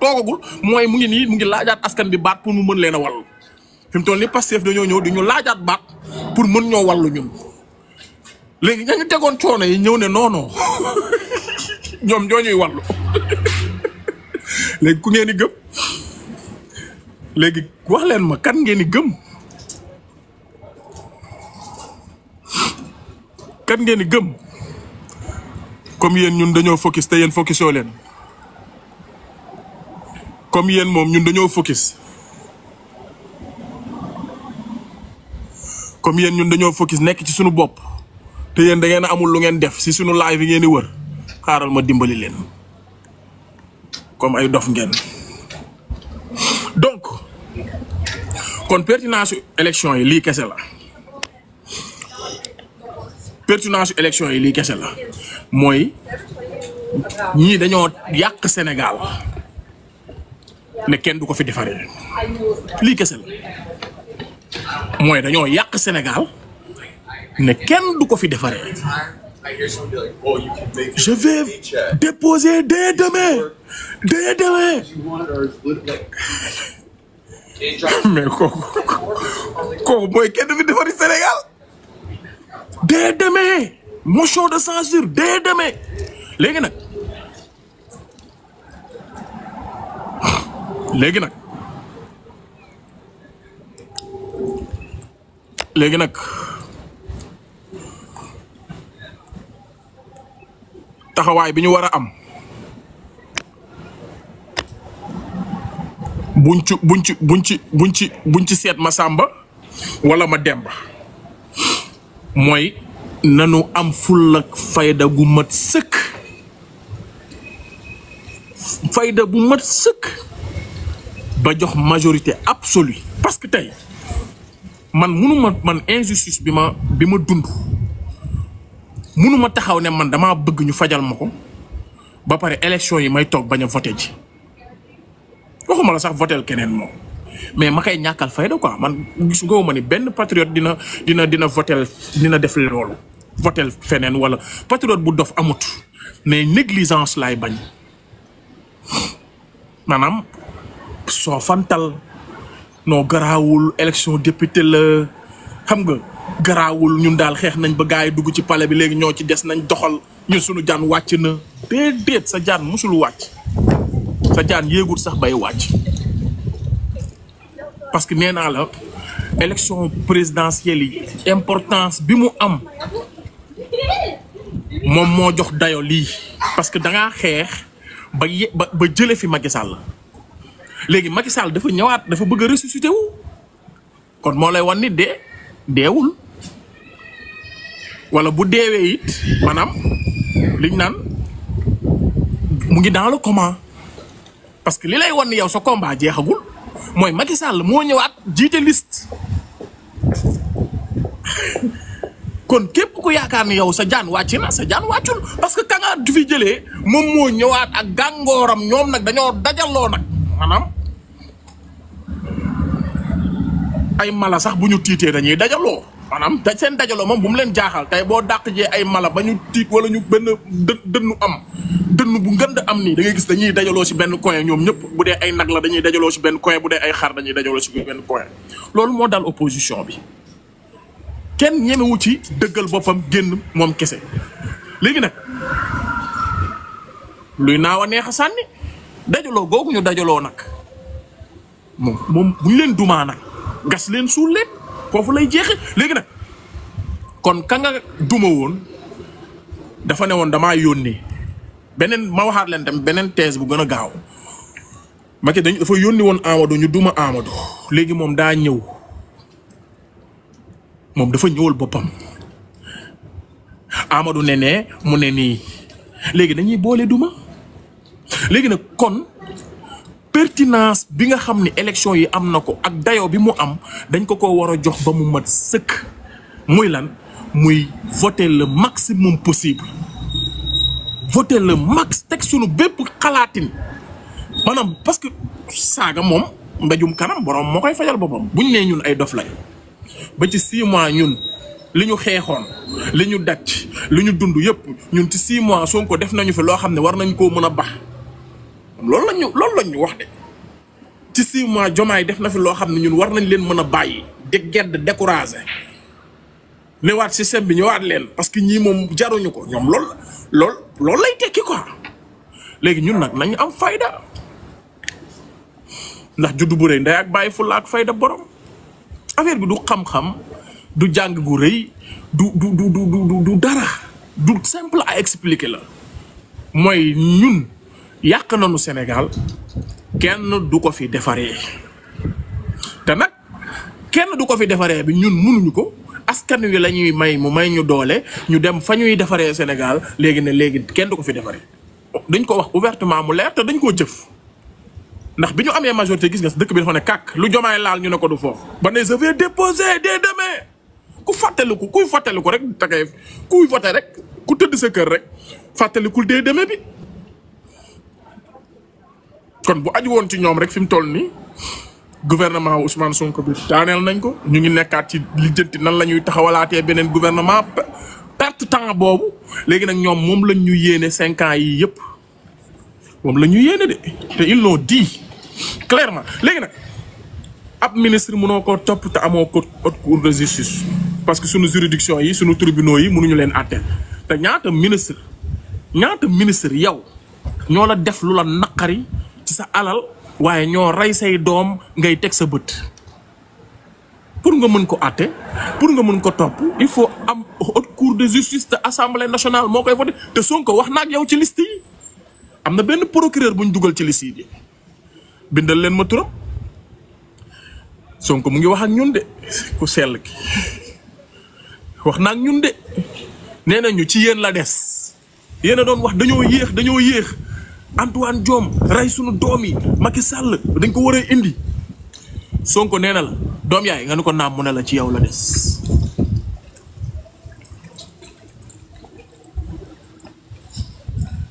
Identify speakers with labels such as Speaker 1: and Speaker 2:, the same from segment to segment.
Speaker 1: toogagul moy mu ngi ni mu ngi laajaat askan bi bat pour mu meun leena wal fim fi ni toll nii Pastef daño ñew di ñu laajaat baat pour meun ñoo walu ñun legi ña ñu tegon coono yi ñew ne non non ñoom ñoo ñuy wàllu léegi ku ngeen ni gem legi wax leen ma kan ngeen ni gem kan ngeen ni gem comme yeen ñun dañoo focus te yéen focusoo leen. comme yéen moom ñun dañoo focus comme yéen ñun dañoo focus nekk ci suñu bopp te yéen da ngeen amul lu ngeen def si suñu live yi ngeen di wër xaaral ma dimbali leen comme ay dof ngeen donc kon pertinence élection yi lii kese la pertinance élection yi lii kese la mooy ñii dañoo yàq Sénégal ne kenn du ko fi defaree li kessel la mooy yak senegal Sénégal ne kenn du ko fi defaree
Speaker 2: je vais
Speaker 1: déposer dès demain dès demain mais kooku kooku mooy kenn du fi defari Sénégal dès demain motion de censure dès demain légui nag. léegi nag léegi nag taxawaay bi ñu war a am buñ ci buñ ci buñ ci buñ ci seet ma sàmba walla ma demba mooy nanu am fulla ak fayda gu mat sëkk fayda bu mat sëkk ba jox majorité absolue parce que tey man munuma man injustice bi ma bi ma dund munuma taxaw ne man dama bëgg ñu fajal ma ko ba pare élection yi may toog bañ a voté ji waxuma la sax votel keneen moom mais ma koy ñàkkal fay fayda quoi man gis nga ma ni benn patriote dina dina dina votel dina def loolu votel feneen wala patriote bu dof amut mais négligence laay bañ maanaam soofantal no grawul élection député le xam nga grawul ñun dal xex nañ ba gaay dugg ci palais bi légui ñoo ci des nañ doxal ñun suñu jaan wacc na déedéet sa jaan musul wacc sa jaan yéegul sax bay wacc parce que néna la élection présidentielle yi importance bi mu am mom mo jox dayo li parce que da nga xex ba ba jëlé fi Macky Sall legi Macky Sall dafa ñëwaat dafa bëgg ressusciter wu kon mo lay won ni dé déwul wala bu déwé it manam liñ nan mu ngi dans le coma parce que li lay won yow sa combat jéxagul moy Macky Sall mo ñëwaat jité liste kon kep ku yakarni yow sa jaan wàcc na sa jaan wàccul parce que kanga du fi jele mom mo ñewat ak gangoram ñom nak dañoo lo nak manam ay mala sax bu ñu tiitee dañuy dajaloo maanaam da seen dajaloo moom bu mu leen jaaxal tey boo dàq jee ay mala ba ñu tiit wala ñu benn dë dënnu am dënnu bu ngënd am nii da ngay gis dañuy dajaloo si benn coin ñoom ñëpp bu dee ay nag la dañuy dajaloo si benn coin bu dee ay xar dañuy dajaloo si benn coin loolu moo dal opposition bi kenn ñemewu ci dëggal boppam génn moom kese léegi nag luy naaw a neex a sànni dajaloo googu ñu dajaloo nag moom bu ñu leen dumaa gas leen suul leen foofu lay jeexe léegi nag kon ka nga duma woon dafa ne woon damaa yónnee beneen ma waxaat leen tamit beneen thèse bu gën a gaaw Macky dañ dafa yónni woon Amadou ñu duma Amadou léegi moom daa ñëw moom dafa ñëwal boppam Amadou ne ne mu ne nii léegi dañuy boole duma léegi nag kon. pertinence bi nga xam ni élection yi am na ko ak dayo bi mu am dañ ko ko war a jox ba mu mat sëkk muy lan muy voter le maximum possible voter le max teg sunu bépp xalaatin maanaam parce que saaga moom mbéjum kanam borom moo koy fajal boppam bu ñu nee ñun ay dof lañ ba ci six mois ñun li ñu xeexoon li ñu daj li ñu dund yëpp ñun ci mois Sonko def nañu fi loo xam ne war nañ koo mën a bax loolu lañu loolu lañu wax de ci six mois jomaay def na fi loo xam ne ñun war nañ leen mën a bàyyi de gedd découragé newaat système bi ñëwaat leen parce que ñii moom jaruñu ko ñoom loolu lool loolu lay tekki quoi léegi ñun nag nañu am fayda ndax juddu bu rëy ndey ak bàyyi fulla ak fayda borom affaire bi du xam-xam du jàng gu rëy du du du du du dara du simple à expliquer la mooy ñun yàq nañu Sénégal kenn du ko fi defaree te nag kenn du ko fi defaree bi ñun munuñu ko askan wi la ñuy may mu may ñu doole ñu dem fa ñuy defaree Sénégal léegi ne léegi kenn du ko fi defaree dañ ko wax ouvertement mu leer te dañ koo jëf ndax bi ñu amee majorité gis nga dëkk bi dafa ne kàkk lu jomaay laal ñu ne ko du foofu ba ne je vais déposer dès demain ku fàttaliku kuy fàttaliku rek da ngay kuy voté rek ku tëdd sa kër rek fàttalikul dès demain bi kon bu aju woon ci ñoom rek fi mu toll nii gouvernement Ousmane Sonko bi daaneel nañ ko ñu ngi nekkaat ci li jënti nan la ñuy taxawalaatee beneen gouvernement perte temps boobu léegi nag ñoom moom lañ ñu yéene cinq ans yi yëpp moom la ñu yéene de te ils l'ont dit clairement léegi nag ab ministre mënoo ko topp te amoo ko haute cour de justice parce que suñu juridiction yi suñu tribunaux yi mënuñu leen àtte te ñaata ministre ñaata ministre yow ñoo la def lu la naqari ci sa alal waaye ñoo rey say doom ngay teg sa bët pour nga mën ko àtte pour nga mën ko topp il faut am haute cour de justice te assemblée nationale moo koy voté te Sonko wax na ak yow ci liste yi am na benn procureur bu dugal ci liste bindal leen ma turam Sonko mu ngi wax ak ñun de ku sell ki wax na ak ñun de nee nañu ci yéen la des yéen a doon wax dañoo yéex dañoo yéex. Antoine Diome rey sunu doom yi Macky sàll dañ ko war a indi Sonko nee na la doom yaay nga ne ko naam mu ne la ci yow la des.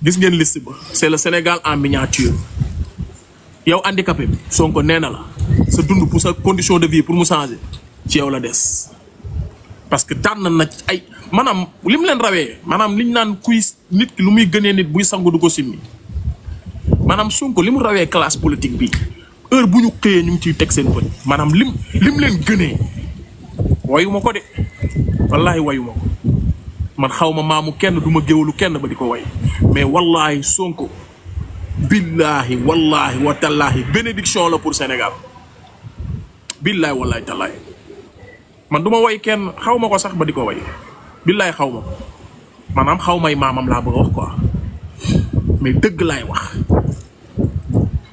Speaker 1: gis ngeen liste ba c'est le Sénégal en miniature yow handicapé bi Sonko nee na la sa dund pour sa condition de vie pour mu changer ci yow la des. parce que tànn na ay maanaam li mu leen rawee maanaam liñ naan kuy nit ki lu muy gënee nit buy sangu du ko simmi. maanaam sunk li mu rawee classe politique bi heure bu ñu xëyee ñu ngi ciy teg seen bët maanaam lim lim leen gënee wayuma ko de wallaahi wayuma ko man xaw ma maamu kenn du ma géwalu kenn ba di ko way mais wallaahi Sonko billaahi wallaahi wa tallaahi bénédiction la pour Sénégal billaahi wallaahi tallaahi man du ma way kenn xawma ko sax ba di ko way billaahi xaw ma ko maanaam xaw may maamam laa bëgg a wax quoi mais dëgg lay wax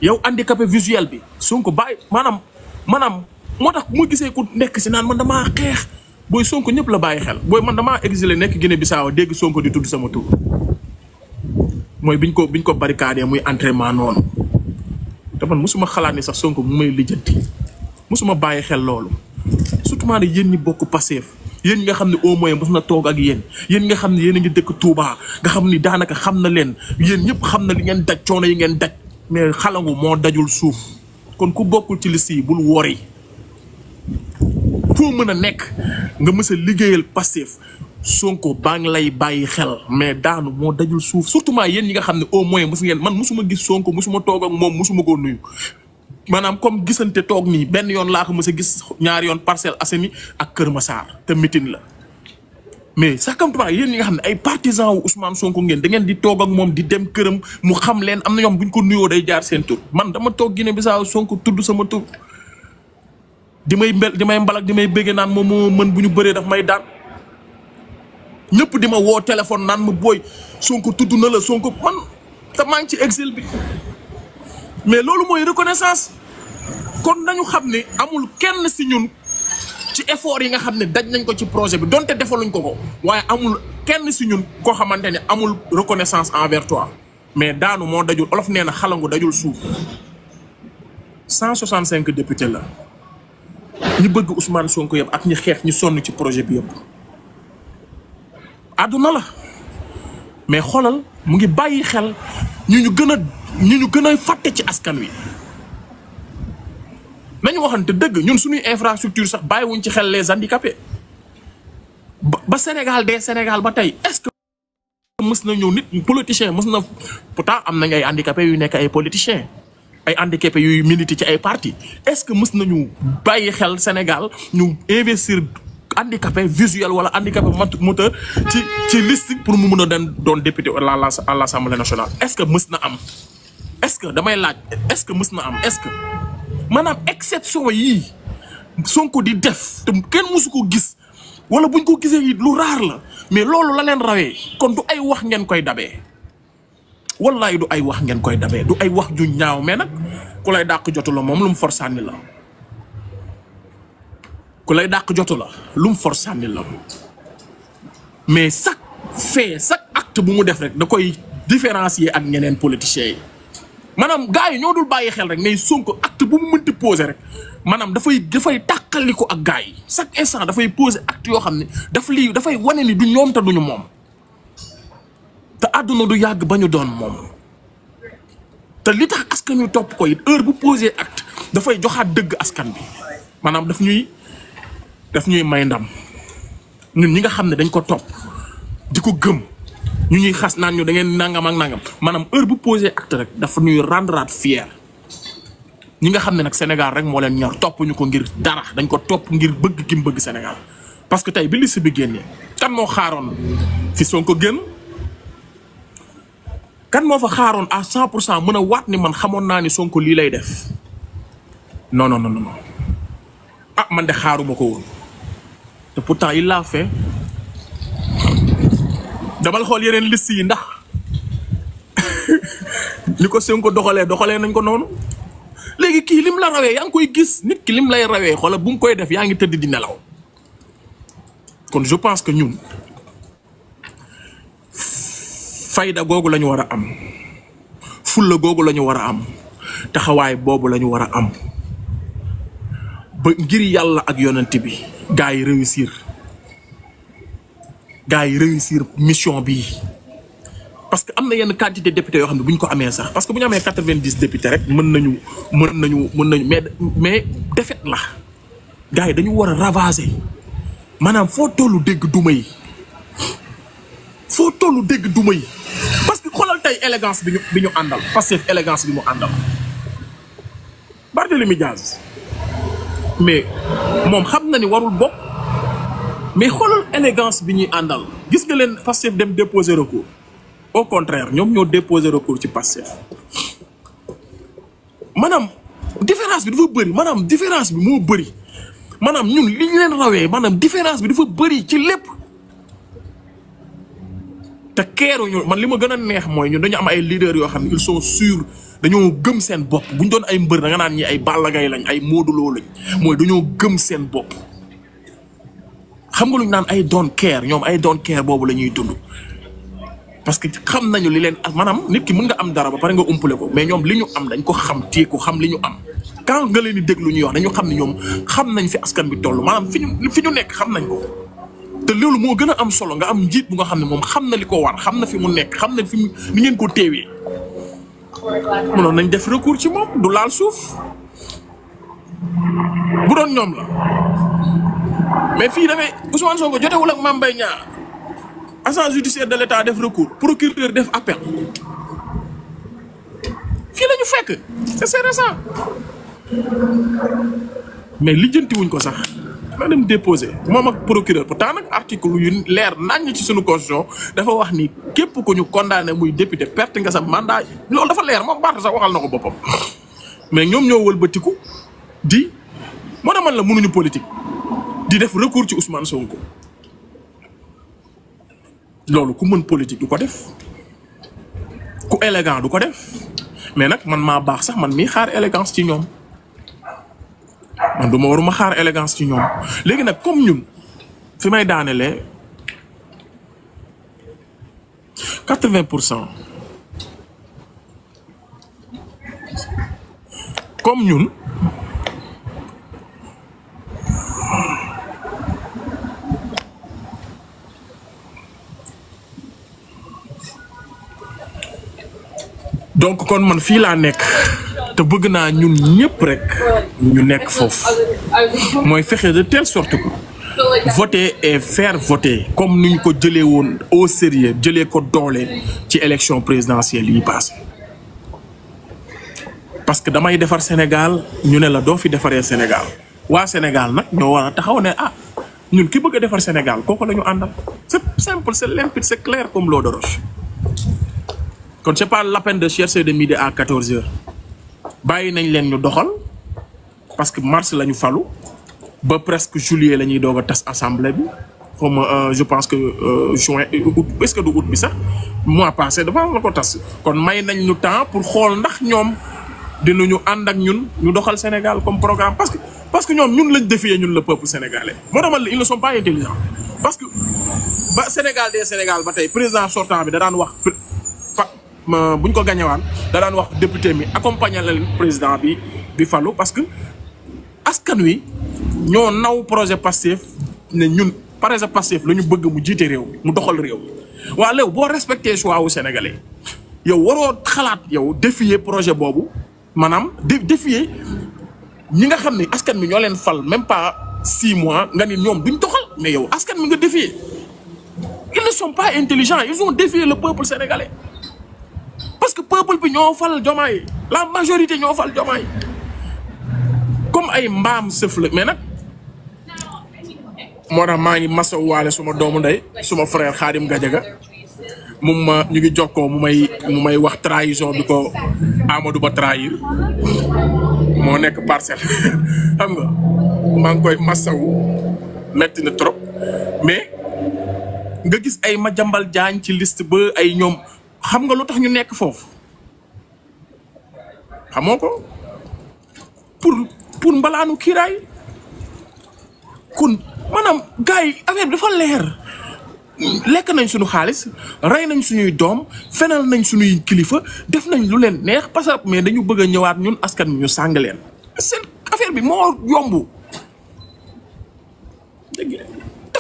Speaker 1: yow indi handicapé visuel bi Sonko bàyyi maanaam maanaam moo tax mu gisee ku nekk si naan man damaa xeex booy Sonko ñëpp la bàyyi xel booy man damaa exilé nekk Guinée Bissau dégg Sonko di tudd sama tur mooy biñ ko biñ ko barricadé muy entraînement noonu te man mosuma xalaat ni sax Sonko mu may lijjanti mosuma bàyyi xel loolu surtout maa ne yéen ñi bokk Pastef yéen nga xam ne au moins mos na toog ak yéen yéen nga xam ne yéen a ngi dëkk Touba nga xam ni daanaka xam na leen yéen ñëpp xam na li ngeen daj coono yi ngeen daj. mais xalangu moo dajul suuf kon ku bokkul ci liste yi bul wori foo mën a nekk nga mës a liggéeyal Pastef Sonko baa ngi lay bàyyi xel mais daanu moo dajul suuf surtout maa yéen ñi nga xam ne au moins mës ngeen man mosuma gis Sonko mosuma toog ak moom mosuma koo nuyu maanaam comme gisante toog nii benn yoon laa ko mës a gis ñaari yoon Parcelles Assainies ak Kër Massar te mitin la mais sakamtuma yéen ñi nga xamné ay partisans Ousmane Sonko ngeen da ngeen di toog ak mom di dem kërëm mu xam leen amna na buñ ko nuyo day jaar seen tour man dama tok Guinée Bissau Sonko tudd sama tour di may mbel di may mbalak di may bégge naan mom mo mën buñu bëré daf may daan ñëpp di ma téléphone naan mu boy Sonko tudd na la Sonko man ta mang ci exil bi mais lolu moy reconnaissance kon nañu xamné amul kenn ci ñun ci effort yi nga xam daj nañ ko ci projet bi donte defaluñ ko ko waye amul kenn ci ñun ko xamantene amul reconnaissance envers toi mais daanu mo dajul olof neena na xalangu dajul suuf 165 député la ñi bëgg Ousmane Sonko yeb ak ñi xex ñi sonn ci projet bi yeb aduna la mais xolal mu ngi bayyi xel ñu ñu gëna ñu ñu gëna a ci askan wi nañu waxante dëgg ñun suñuy infrastructure sax wuñ ci xel les handicapés ba Sénégal dee Sénégal ba tey est-ce que mës na ñëw nit politicien mës na pourtant am nañ ay handicapés yu nekk ay politiciens ay handicapés yuy milité ci ay parti est-ce que mës nañu bàyyi xel Sénégal ñu investir handicapé visuel wala handicapé moteur ci ci liste pour mu mun a dem doon député la l'Assemblée nationale est-ce que mës na am est-ce que damay laaj est-ce que mus na am est manam exception yi Sonko di def te ken musuko gis wala buñ ko gisé it lu raar la mais lolu la len rawé kon du ay wax ngeen koy dabé wallahi du ay wax ngeen koy dabé du ay wax ju ñaaw mais nak ku lay dàq jotu la lu mu for la ku lay la lu mu la mais chaque fait chaque acte bu mu def rek da koy différencier ak ñeneen politiciens maanaam gars yi ñoo dul bàyyi xel rek mais Sonko act bu mu mënti poser rek maanaam dafay dafay tàqaliko ak gars yi chaque instant dafay poser acte yoo xam ne daf lii dafay wane ni du ñoom te duñu moom te àdduna du yàgg ba ñu doon moom te li tax askan wi topp ko it heure bu poser acte dafay joxaat dëgg askan bi maanaam daf ñuy daf ñuy may ndam ñun nga xam ne dañ ko topp di ko gëm ñu ñuy xas naan ñu da ngeen nangam ak nangam manam heure bu posé acte rek dafa ñuy rat fier ñi nga xam nak nag Sénégal rek mo leen ñor top ñu ko ngir dara dañ ko top ngir bëgg gi Sénégal parce que tay bi liste bi génné kan mo xaaroon fi Sonko génn kan mo fa xaaroon à 100% mëna wat ni man xamoon na ni Sonko li lay def non non non non ah man de xaaruma ko won te pourtant il l'a fait damal xol yeneen list yi ndax Liko ko doxale doxale nañ ko noonu legi ki lim la rawee yang koy gis nit ki lim lay rawee xol bu mu koy def yaangi teud di nelaw kon je pense que ñun fayda gogu lañu wara am fulla gogu lañu wara am taxaway bobu lañu wara am ba ngir yalla ak yonenti bi gaay réussir gars yi réussir mission bi parce que am na yenn quantité député yoo xam ne bu ñu ko amee sax parce que bu ñu amee quatre-vingt-dix député rek mën nañu mën nañu mën nañu mais mais défaite la gars yi dañu war a ravager maanaam foo tollu dégg duma yi foo tollu dégg duma yi parce que xoolal tey élégance bi ñu bi ñu àndal Pastef élégance bi mu àndal Barthélémy Dias mais moom xam na ni warul bokk. mais quelle élégance bi ñuy àndal gis dem déposer recours au contraire nous ñoo déposer recours ci passif. Madame, différence bi dafa madame, différence madame, vous, madame, Madame, ñun madame, différence bi dafa bëri Madame, lépp te keeru ñu leaders ils sont sûrs dañoo gëm seen bob. doon ay xam nga lu naan ay doon care ñoom ay doon care boobu la ñuy dund parce que xam nañu li leen maanaam nit ki mën nga am dara ba pare nga umpale ko mais ñoom li ñu am dañ ko xam téye ko xam li ñu am quand nga leen di déglu ñuy wax dañu xam ne ñoom xam nañ fi askan bi toll maanaam fi ñu fi ñu nekk xam nañ ko te loolu moo gën a am solo nga am njiit bu nga xam ne moom xam na li ko war xam na fi mu nekk xam na fi mu ni ngeen ko teewee mënoon nañ def recours ci moom du laal suuf bu doon ñoom la mais fii dafay Ousmane Sonko jotewul ak Mame Mbaye Niang agent judiciaire de l'État def recours procureur def appel fii la fekk c'est récent mais wuñ ko sax na dem déposé moom ak procureur pourtant nag article yu leer nañ ci suñu constitution dafa wax ni képp ku ñu condamné muy député perte nga sa mandat loolu dafa leer moom Barth sax waxal na ko boppam mais ñoom ñoo wëlbatiku di moo tax man la mënuñu politique. di def recours ci Ousmane Sonko loolu ku meun politique du ko def ku élégant du ko def mais nak man ma bax sax man mi xaar élégance ci ñom man duma waruma xaar élégance ci ñom légui nak comme ñun fi may daanelee 80% comme ñun. donc kon man fi la nek, te bëgg naa ñun ñëpp rek ñu nek fofu. Moy fexé de telle sorte que voter et faire voter comme ni ko jëlé won au sérieux jëlé ko doole ci élection présidentielle yi passé parce que damay défar Sénégal ñu ne la do fi défaré Sénégal Wa Sénégal nak ñoo wara taxaw né ah ñun ki bëgg défar Sénégal koko lañu andal. c'est simple c'est limpide c'est clair comme l'eau de roche kon c'est pas la peine de chercher de midi à 14 heures bàyyi nañ leen ñu doxal parce que mars la nous fallu, ba presque juillet la nous doog assemblée comme euh, je pense que euh, juin euh, ou est-ce que août bi ça, mois passé devant la ko tas kon may nañ temps pour xool ndax de dinañu nous ak ñun ñu doxal Sénégal comme programme parce que parce que nous ñun lañ défier nous le peuple sénégalais ils ne sont pas intelligents parce que ba Sénégal des Sénégal ba président sortant bi da je ko député mi accompagner le président bi parce que askan wi ñoo naw projet passif. ne ñun projet passif la bëgg mu jité réew mu doxal réew wa choix sénégalais yow yow défier projet bobu manam défier ñi nga askan mi même pas six mois nga ni doxal mais ils ne sont pas intelligents ils ont défié le peuple sénégalais peuple bi ñoo fal jomay la majorité ñoo fal jomay comme ay mbam sëf la mais nak mo tax maa ngi masawu waale suma doomu nday suma frère Khadim Gadiaga mum ma ñu ngi jokkoo mu may mu may wax trahison biko Amadou Ba trahir mo nek parcel xam nga maa ngi koy wu metti na trop mais nga gis ay jambal Diagne ci liste ba ay ñom xam nga lu ñu nek fofu xamoo ko pour pour mbalaanu kiiraay kun maanaam gars yi affaire bi dafa leer lekk nañ suñu xaalis rey nañ suñuy doom fenal nañ suñuy kilifa def nañ lu leen neex parce que mais dañu bëgg a ñëwaat ñun askan ñu sàng leen seen affaire bi moo yomb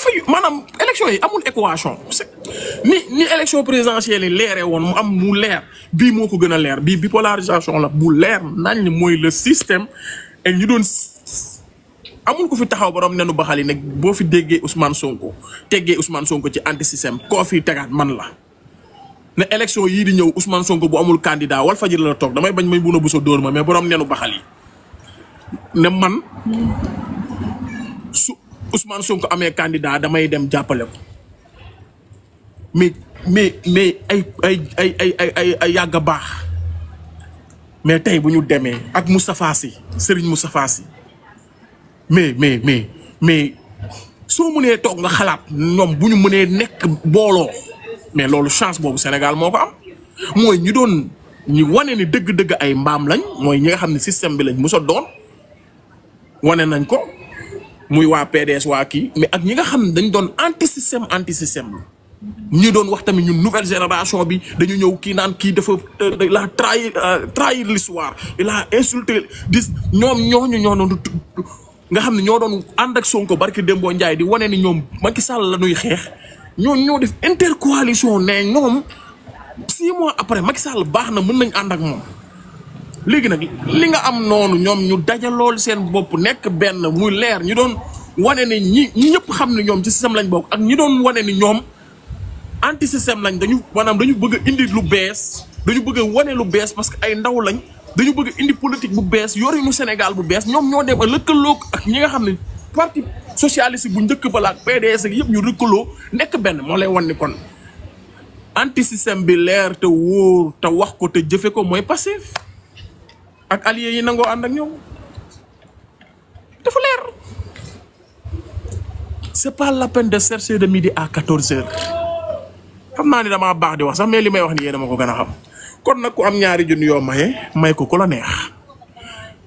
Speaker 1: dafa yu maanaam élection yi amul équation ni ni élection présidentielle yi leeree woon mu am mu leer bii moo ko gën a leer bii bipolarisation la bu leer nañ mooy le système et ñu amul ko fi taxaw borom nenu baxal yi nag boo fi déggee Ousmane Sonko teggee Ousmane Sonko ci anti système koo fi tegaat man la ne élection yii di ñëw Ousmane Sonko bu amul candidat wal fajir la toog damay bañ may buna busa dóor ma mais borom nenu baxal yi ne man Ousmane Sonko amee candidat damay dem jàppale ko mais mais mais ay ay ay ay ay ay ay yàgg a baax mais tey bu ñu demee ak Moustapha Sy Serigne Moustapha Sy mais mais mais mais soo mënee toog nga xalaat ñoom bu ñu mënee nekk booloo mais loolu chance boobu Sénégal moo ko am mooy ñu doon ñu wane ni dëgg-dëgg ay mbaam lañ mooy ñi nga xam ne système bi lañ mos a doon wane nañ ko. muy waa PDS waa kii mais ak ñi nga xam ne dañ doon anti système anti système la ñu doon wax tamit ñu nouvelle génération bi dañu ñëw kii naan kii dafa euh, la a trahir euh, trahir l'histoire il a insulté dis ñoom ñooñu ñoo doon nga xam ne ñoo doon ànd ak Sonko barki Dembo Ndiaye di wane ni ñoom Macky Sall la ñuy xeex ñoo ñoo def intercoalition ne ñoom six mois après Macky Sall baax na mën nañ ànd ak moom. léegi nag li nga am noonu ñoom ñu dajalool seen bopp nekk benn muy leer ñu doon wane ne ñi ñi ñëpp xam ne ñoom ci système lañ bokk ak ñi doon wane ni ñoom anti système lañ dañu maanaam dañu bëgg indi lu bees dañu bëgg wane lu bees parce que ay ndaw lañ dañu bëgg indi politique bu bees yore yorinu Sénégal bu bees ñoom ñoo dem a lëkkaloo ak ñi nga xam ne parti socialiste bu njëkk ba ak PDS ak yëpp ñu rëkkaloo nekk benn moo lay wan ni kon anti système bi leer te wóor wax ko te jëfe ko mooy passif. ak allié yi nango and ak ñoom dafa leer c'est pas la peine de chercher de midi à 14h xamna ni dama baax di wax sax mais limay wax ni ko xam kon nak ku am ñaari junni yo maye may ko ko la neex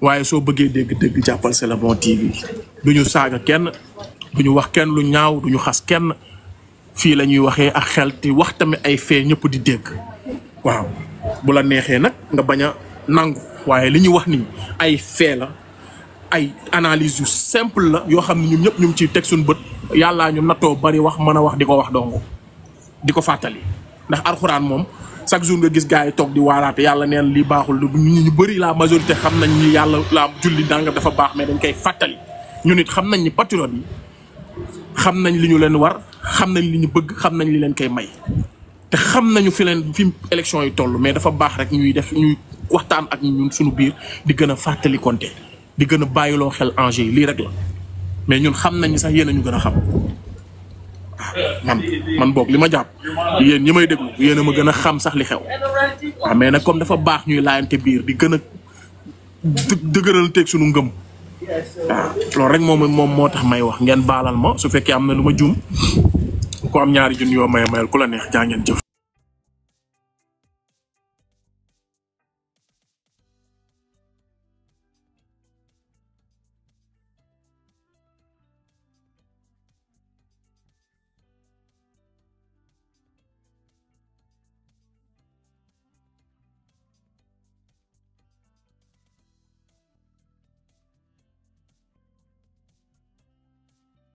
Speaker 1: waye so bëggee dégg-dégg jappal c'est la bon TV duñu saga kenn duñu wax kenn lu ñaaw duñu xass kenn fi lañuy waxé ak xel ti wax ay fée ñëpp di dégg waaw bu la neexee nak nga baña nangou waaye li ñuy wax nii ay fee la ay analyse yu simple la yoo xam ne ñun ñëpp ñu ngi ciy teg suñu bët yàllaa ñu nattoo bari wax mën a wax di ko wax dong di ko fàttali ndax alxuraan moom chaque jour nga gis gars yi toog di waaraate yàlla neen li baaxul ñu ñu bëri la majorité xam nañ ni yàlla la julli danga dafa baax mais dañ koy fàttali ñu nit xam nañ ni patriote yi xam nañ li ñu leen war xam nañ li ñu bëgg xam nañ li leen koy may te xam nañu fi leen fi élection yi toll mais dafa baax rek ñuy def ñuy waxtaan ak ñun suñu biir di gëna fatali konté di gëna a bàyyiloo xel enjeu yi lii rek la mais ñun xam nañu sax yeena ñu gëna xam ah, man man bok lima japp yeen ñi may deglu yeena ma gëna xam sax li xew waaw ah, mais nag comme dafa baax ñuy laayante biir di gëna degeural tek suñu ngëm waaw ah, rek mom mom motax may wax ngeen balal ma su fekke amna na lu ko am ñaari jun yo may mayal kula neex jaa jëf